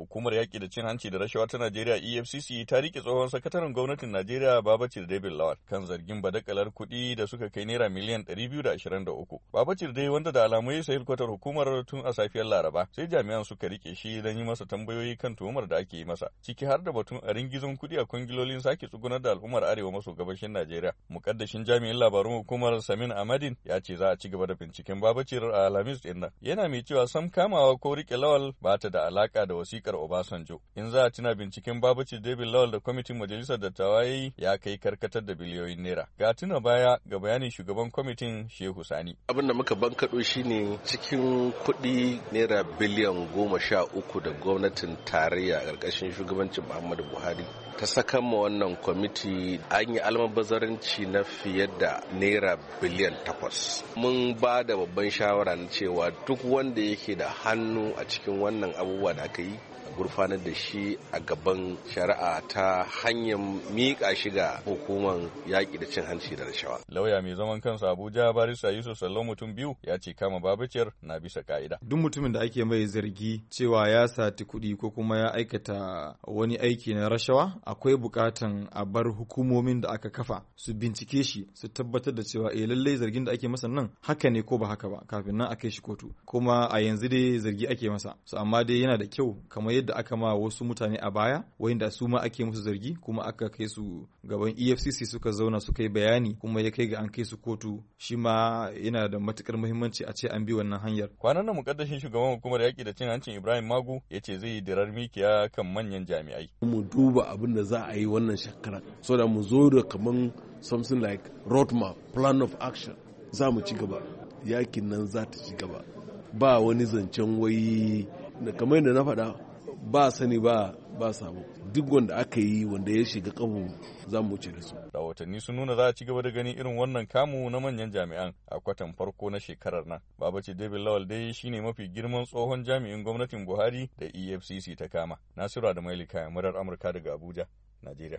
Hukumar yaƙi da cin hanci da rashawa ta Najeriya EFCC ta rike tsohon sakataren gwamnatin Najeriya Babacir David Lawal kan zargin badakalar kuɗi da suka kai naira miliyan 223. Babacir dai wanda da alamu ya sayi kwatar hukumar tun a safiyar Laraba sai jami'an suka rike shi don yi masa tambayoyi kan tuhumar da ake yi masa ciki har da batun a ringizon kuɗi a kwangilolin sake tsugunar da al'ummar arewa maso gabashin Najeriya. Mukaddashin jami'in labarun hukumar Samin Amadin ya ce za a ci gaba da binciken Babacir a Alhamis ɗin Yana mai cewa sam kamawa ko rike Lawal ba ta da alaka da wasiƙa shakar Obasanjo. In za a tuna binciken Babaci David Lawal da kwamitin majalisar dattawa ya yi ya kai karkatar da biliyoyin naira. Ga tuna baya ga bayanin shugaban kwamitin Shehu Sani. Abin da muka bankaɗo shine cikin kuɗi naira biliyan goma sha uku da gwamnatin tarayya a ƙarƙashin shugabancin Muhammadu Buhari ta sakan ma wannan kwamiti an yi almabazarinci na fiye da naira biliyan takwas mun ba da babban shawara na cewa duk wanda yake da hannu a cikin wannan abubuwa da aka yi gurfanar da shi a gaban shari'a ta hanyar miƙa shi ga hukumar yaƙi da cin hanci da rashawa. Lauya mai zaman kansa Abuja Barista Yusuf Sallau mutum biyu ya ce kama babaciyar na bisa ka'ida. Duk mutumin da ake mai zargi cewa ya sati kuɗi ko kuma ya aikata wani aiki na rashawa akwai bukatan a bar hukumomin da aka kafa su bincike shi su tabbatar da cewa eh lallai zargin da ake masa nan haka ne ko ba haka ba kafin nan a kai shi kotu kuma a yanzu dai zargi ake masa su amma dai yana da kyau kamar yadda aka ma wasu mutane a baya wayanda su ma ake musu zargi kuma aka kai su gaban EFCC suka zauna suka yi bayani kuma ya kai ga an kai su kotu shi ma yana da matukar muhimmanci a ce an bi wannan hanyar kwanan nan mukaddashin shugaban hukumar yaki da cin hancin Ibrahim Magu yace zai dirar mikiya kan manyan jami'ai mu duba abin da da za a yi wannan shekara so da mu zo da kaman something like roadmap plan of action za mu ci gaba yakin nan za ta ci gaba ba wani zancen wai kamar yadda na faɗa ba sani ba ba sabo duk wanda aka yi wanda ya shiga kabu za mu wuce da su rahotanni sun nuna za a ci gaba da gani irin wannan kamu na manyan jami'an a kwatan farko na shekarar nan babace david lawal dai shine mafi girman tsohon jami'in gwamnatin buhari da efcc ta kama nasiru da mailika murar amurka daga abuja najeriya